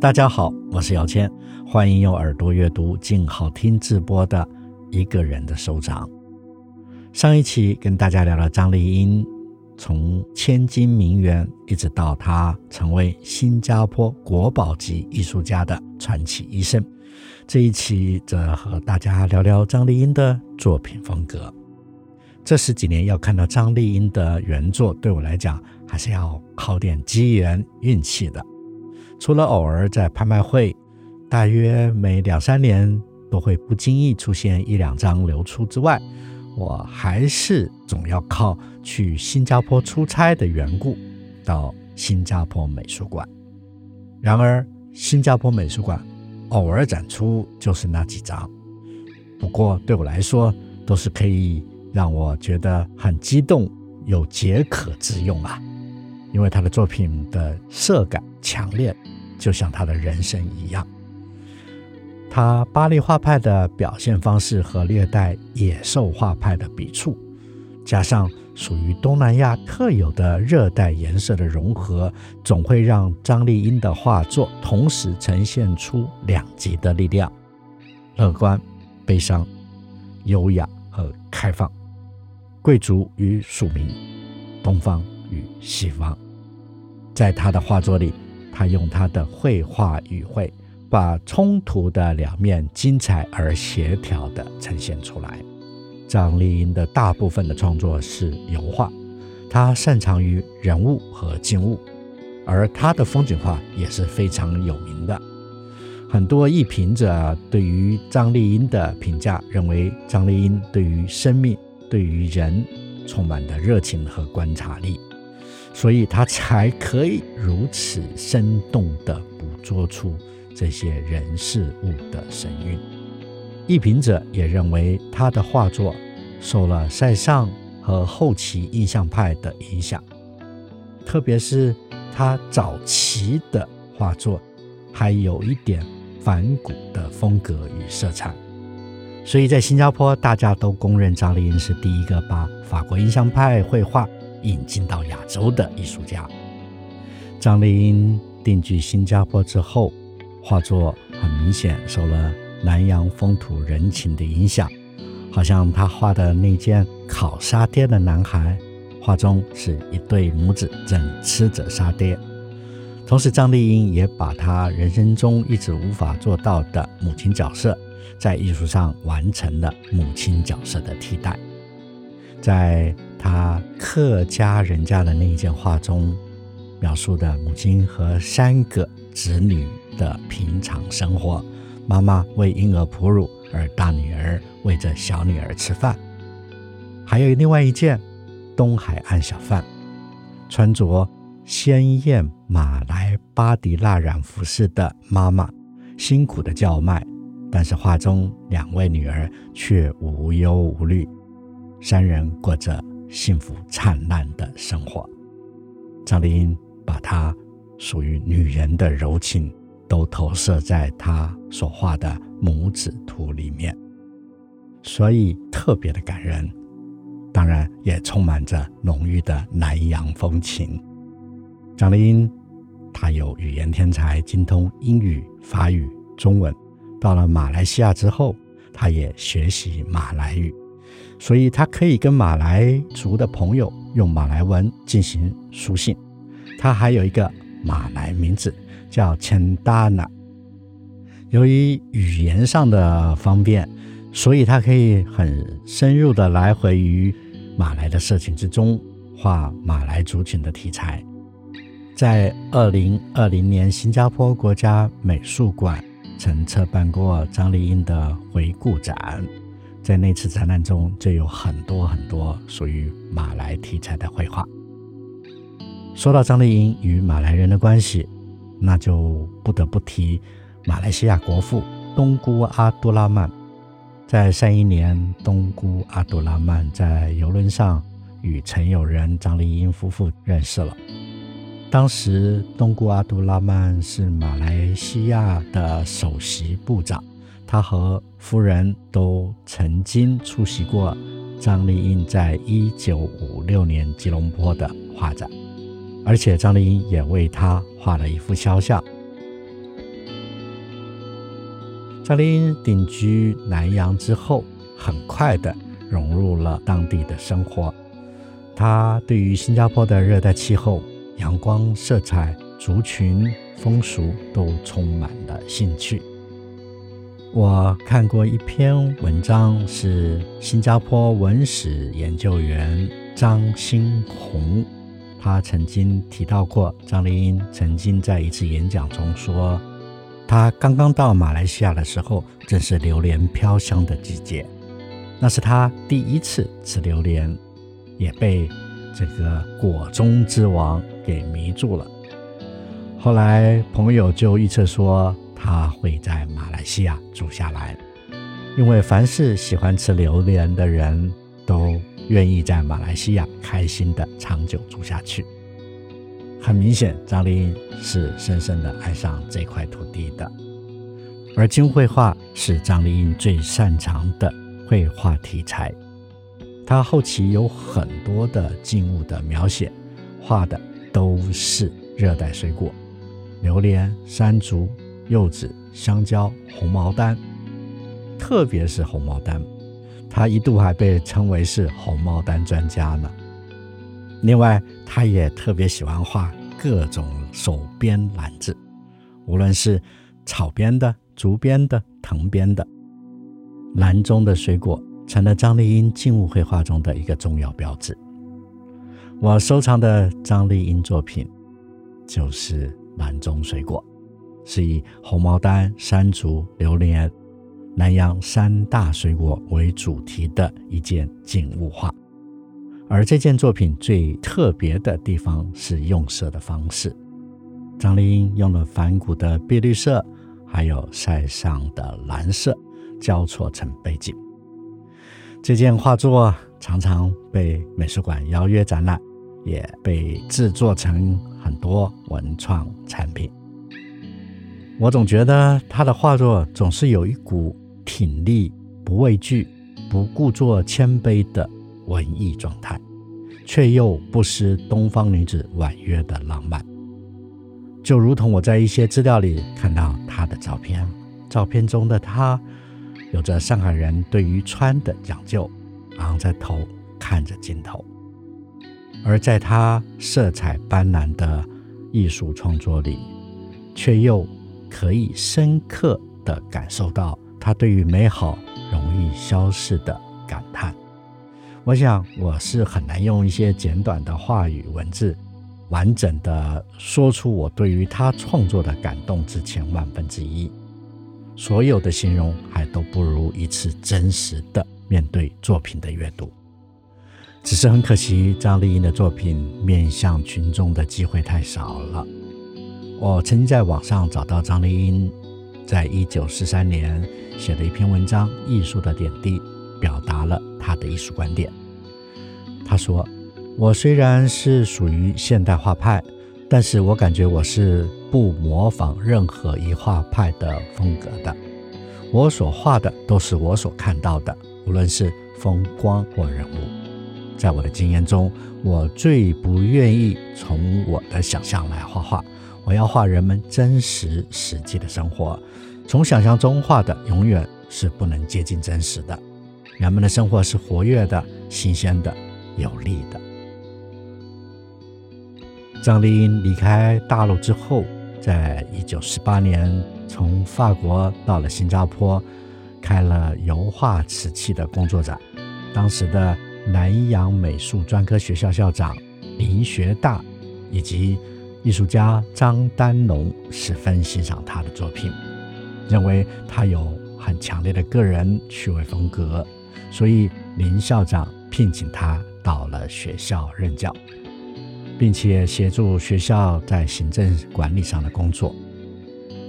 大家好，我是姚謙，歡迎用耳朵閱讀鏡好聽直播的《一個人的收藏》。上一期跟大家聊了張荔英從千金名媛，一直到她成為新加坡國寶級藝術家的傳奇一生。這一期則和大家聊聊張荔英的作品風格。這十幾年要看到張荔英的原作，對我來講還是要靠點機緣運氣的。除了偶爾在拍賣會，大約每兩三年都會不經意出現一兩張流出之外，我還是總要靠去新加坡出差的緣故，到新加坡美術館。然而，新加坡美術館偶爾展出就是那幾張，不過對我來說都是可以讓我覺得很激動、有解渴之用啊，因為他的作品的色感強烈，就像他的人生一樣。他巴黎畫派的表現方式和略帶野獸畫派的筆觸，加上屬於東南亞特有的熱帶顏色的融合，總會讓張荔英的畫作同時呈現出兩極的力量：樂觀、悲傷、優雅和開放，貴族與庶民，東方與西方，在他的畫作裡。他用他的繪畫語彙，把衝突的兩面精彩而協調地呈現出來。張荔英的大部分的創作是油畫，他擅長於人物和靜物，而他的風景畫也是非常有名的。很多藝評者對於張荔英的評價認為，張荔英對於生命、對於人充滿的熱情和觀察力。所以他才可以如此生動地捕捉出這些人事物的神韻。藝評者也認為他的畫作受了塞尚和後期印象派的影響，特別是他早期的畫作還有一點反骨的風格與色彩。所以在新加坡，大家都公認張荔英是第一個把法國印象派繪畫。引進到亞洲的藝術家張荔英定居新加坡之後，畫作很明顯受了南洋風土人情的影響。好像她畫的那件烤沙爹的男孩，畫中是一對母子正吃着沙爹。同時，張荔英也把她人生中一直無法做到的母親角色，在藝術上完成了母親角色的替代。在。他客家人家的那一件畫中，描述的母親和三個子女的平常生活。媽媽為嬰兒哺乳，而大女兒餵着小女兒吃飯。還有另外一件，東海岸小販穿着鮮豔馬來巴迪蠟染服飾的媽媽，辛苦的叫賣，但是畫中兩位女兒卻無憂無慮，三人過着。幸福燦爛的生活，張荔英把她屬於女人的柔情都投射在她所畫的母子圖裡面，所以特別的感人。當然，也充滿着濃郁的南洋風情。張荔英她有語言天才，精通英語、法語、中文。到了馬來西亞之後，她也學習馬來語。所以他可以跟馬來族的朋友用馬來文進行書信。他還有一個馬來名字叫陳達拿。由於語言上的方便，所以他可以很深入的來回於馬來的社群之中，畫馬來族群的題材。在二零二零年，新加坡國家美術館曾策辦過張荔英的回顧展。在那次展覽中，就有很多很多屬於馬來題材的繪畫。說到張荔英與馬來人的關係，那就不得不提馬來西亞國父東姑阿杜拉曼。在三一年，東姑阿杜拉曼在遊輪上與陳友仁、張荔英夫婦認識了。當時，東姑阿杜拉曼是馬來西亞的首席部長。他和夫人都曾經出席過張荔英在一九五六年吉隆坡的畫展，而且張荔英也為他畫了一幅肖像。張荔英定居南洋之後，很快地融入了當地的生活，她對於新加坡的熱帶氣候、陽光、色彩、族群、風俗都充滿了興趣。我看過一篇文章，是新加坡文史研究員張新紅，他曾經提到過，張荔英曾經在一次演講中說，她剛剛到馬來西亞的時候，正是榴蓮飄香的季節，那是她第一次吃榴蓮，也被這個果中之王給迷住了。後來朋友就預測說，他會在馬來西亞住下來，因為凡是喜歡吃榴蓮的人都願意在馬來西亞開心地長久住下去。很明顯，張荔英是深深地愛上這塊土地的。而靜物畫是張荔英最擅長的繪畫題材，她後期有很多的靜物的描寫，畫的都是熱帶水果，榴蓮、山竹。柚子、香蕉、紅毛丹，特別是紅毛丹，他一度還被稱為是紅毛丹專家呢。另外，他也特別喜歡畫各種手編籃子，無論是草編的、竹編的、藤編的，籃中的水果成了張荔英靜物繪畫中的一個重要標誌。我收藏的張荔英作品就是籃中水果。是以紅毛丹、山竹、榴蓮、南洋三大水果為主題的一件靜物畫，而這件作品最特別的地方是用色的方式。張荔英用了梵谷的碧綠色，還有塞尚的藍色交錯成背景。這件畫作常常被美術館邀約展覽，也被製作成很多文創產品。我總覺得他的畫作總是有一股挺立、不畏懼、不故作謙卑的文藝狀態，卻又不失東方女子婉約的浪漫。就如同我在一些資料裡看到他的照片，照片中的他有着上海人對於穿的講究，昂着頭看着鏡頭；而在他色彩斑斕的藝術創作裡，卻又可以深刻的感受到他對於美好容易消逝的感嘆。我想我是很難用一些簡短的話語文字，完整的說出我對於他創作的感動之千萬分之一。所有的形容還都不如一次真實的面對作品的閱讀。只是很可惜，張荔英的作品面向群眾的機會太少了。我曾經在網上找到張荔英在一九四三年寫的一篇文章《藝術的點滴》，表達了她的藝術觀點。她說：“我雖然是屬於現代畫派，但是我感覺我是不模仿任何一畫派的風格的。我所畫的都是我所看到的，無論是風光或人物。在我的經驗中，我最不願意從我的想象來畫畫。”我要畫人們真實實際的生活，從想象中畫的永遠是不能接近真實的。人們的生活是活躍的、新鮮的、有力的。張荔英離開大陸之後，在一九四八年從法國到了新加坡，開了油畫瓷器的工作展。當時的南洋美術專科學校校長林學大以及，藝術家張丹龍十分欣賞他的作品，認為他有很強烈的個人趣味風格，所以林校長聘請他到了學校任教，並且協助學校在行政管理上的工作。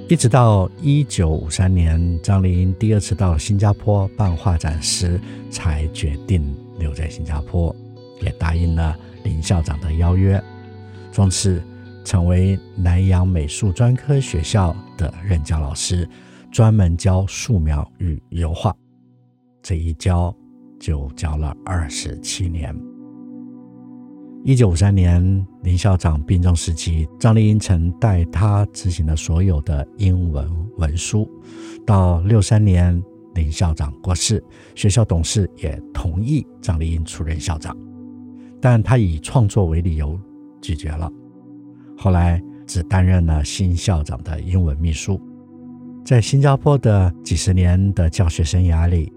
一直到一九五三年，張荔英第二次到新加坡辦畫展時，才決定留在新加坡，也答應了林校長的邀約，從此。成為南洋美術專科學校的任教老師，專門教素描與油畫。這一教就教了二十七年。一九五三年，林校長病重時期，張荔英曾代他執行了所有的英文文書。到六三年，林校長過世，學校董事也同意張荔英出任校長，但他以創作為理由拒絕了。後來只擔任了新校長的英文秘書，在新加坡的幾十年的教學生涯裡，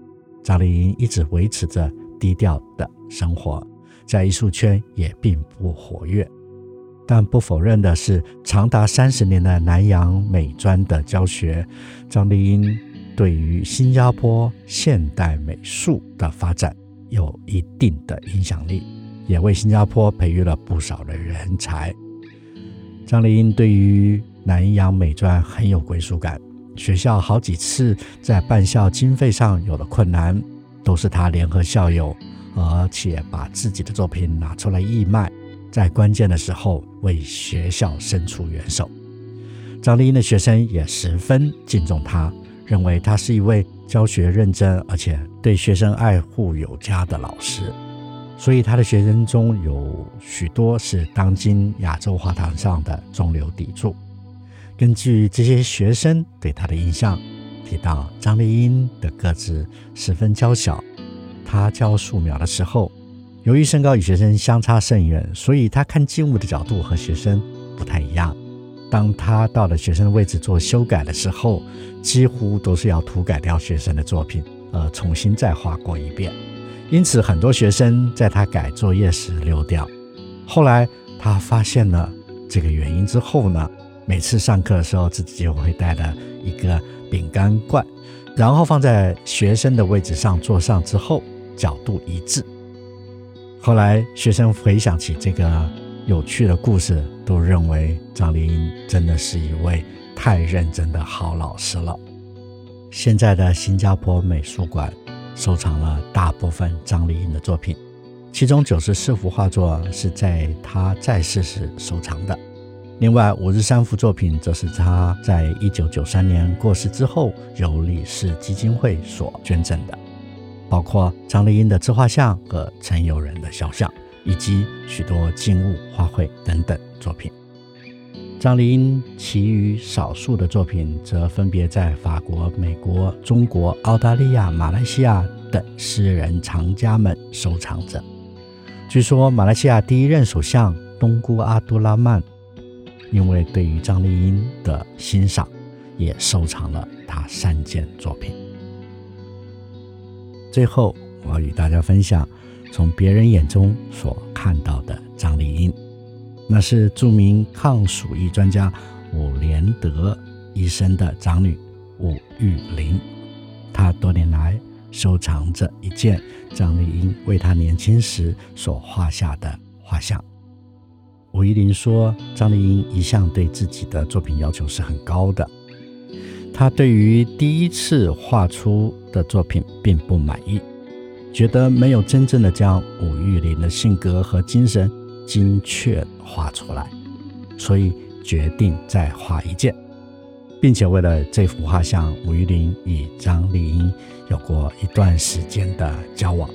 張荔英一直維持着低調的生活，在藝術圈也並不活躍。但不否認的是，長達三十年的南洋美專的教學，張荔英對於新加坡現代美術的發展有一定的影響力，也為新加坡培育了不少的人才。張荔英對於南洋美專很有歸屬感。學校好幾次在辦校經費上有了困難，都是她聯合校友，而且把自己的作品拿出來義賣，在關鍵的時候為學校伸出援手。張荔英的學生也十分敬重她，認為她是一位教學認真，而且對學生愛護有加的老師。所以他的學生中有許多是當今亞洲畫壇上的中流砥柱。根據這些學生對他的印象，提到張荔英的個子十分嬌小。他教素描的時候，由於身高與學生相差甚遠，所以他看靜物的角度和學生不太一樣。當他到了學生的位置做修改的時候，幾乎都是要塗改掉學生的作品，呃，重新再畫過一遍。因此，很多學生在他改作業時溜掉。後來，他發現了這個原因之後呢，每次上課的時候，自己就會帶了一個餅乾罐，然後放在學生的位置上，坐上之後角度一致。後來，學生回想起這個有趣的故事，都認為張荔英真的是一位太認真的好老師了。現在的新加坡美術館。收藏了大部分張荔英的作品，其中九十四幅畫作是在她在世時收藏的，另外五十三幅作品則是她在一九九三年過世之後由李氏基金會所捐贈的，包括張荔英的自畫像和陳友仁的肖像，以及許多靜物花卉等等作品。張荔英，其餘少數的作品則分別在法國、美國、中國、澳大利亞、馬來西亞等私人藏家們收藏着。據說，馬來西亞第一任首相東姑阿都拉曼，因為對於張荔英的欣賞，也收藏了她三件作品。最後，我要與大家分享從別人眼中所看到的張荔英。那是著名抗鼠疫專家伍連德醫生的長女伍玉玲，她多年來收藏着一件張荔英為她年輕時所畫下的畫像。伍玉玲說：“張荔英一向對自己的作品要求是很高的，她對於第一次畫出的作品並不滿意，覺得沒有真正的將伍玉玲的性格和精神。”精確畫出來，所以決定再畫一件，並且為了這幅畫像，吳玉林與張荔英有過一段時間的交往。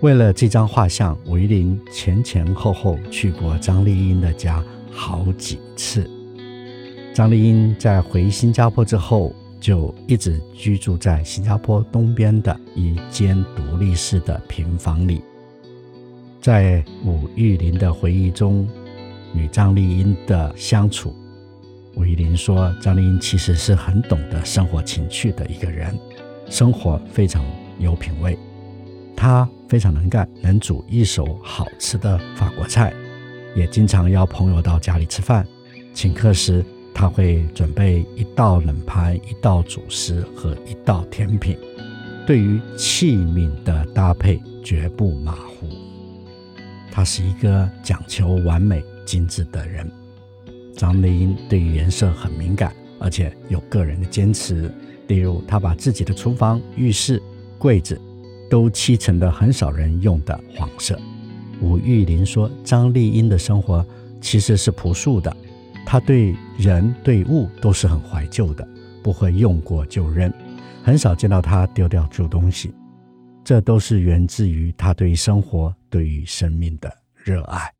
為了這張畫像，吳玉林前前後後去過張荔英的家好幾次。張荔英在回新加坡之後，就一直居住在新加坡東邊的一間獨立式的平房裡。在吳玉林的回憶中，與張荔英的相處，吳玉林說，張荔英其實是很懂得生活情趣的一個人，生活非常有品味。她非常能幹，能煮一手好吃的法國菜，也經常邀朋友到家裡吃飯。請客時，她會準備一道冷盤、一道主食和一道甜品，對於器皿的搭配絕不馬虎。他是一個講求完美、精緻的人。張荔英對於顏色很敏感，而且有個人的堅持。例如，她把自己的廚房、浴室、櫃子都漆成的很少人用的黃色。吳玉林說，張荔英的生活其實是樸素的，她對人對物都是很懷舊的，不會用過就扔，很少見到她丟掉舊東西。這都是源自於她對於生活。對於生命的熱愛。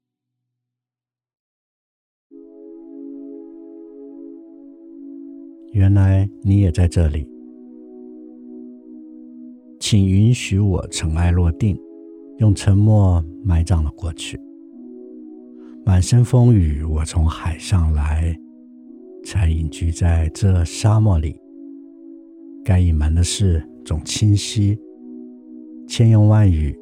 原來你也在這裡，請允許我塵埃落定，用沉默埋葬了過去。滿身風雨，我從海上來，才隱居在這沙漠裡。該隱瞞的事總清晰，千言萬語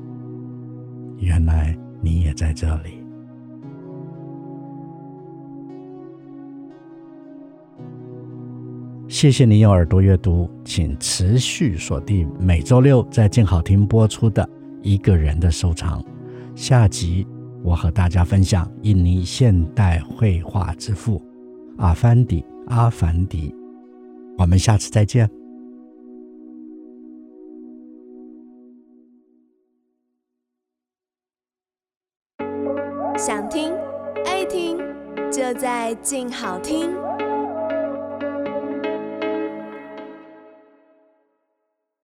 原來你也在這裡。謝謝你用耳朵閱讀，請持續鎖定每周六在靜好聽播出的《一個人的收藏》。下集我和大家分享印尼現代繪畫之父阿凡迪。阿凡迪，我們下次再見。靜好聽。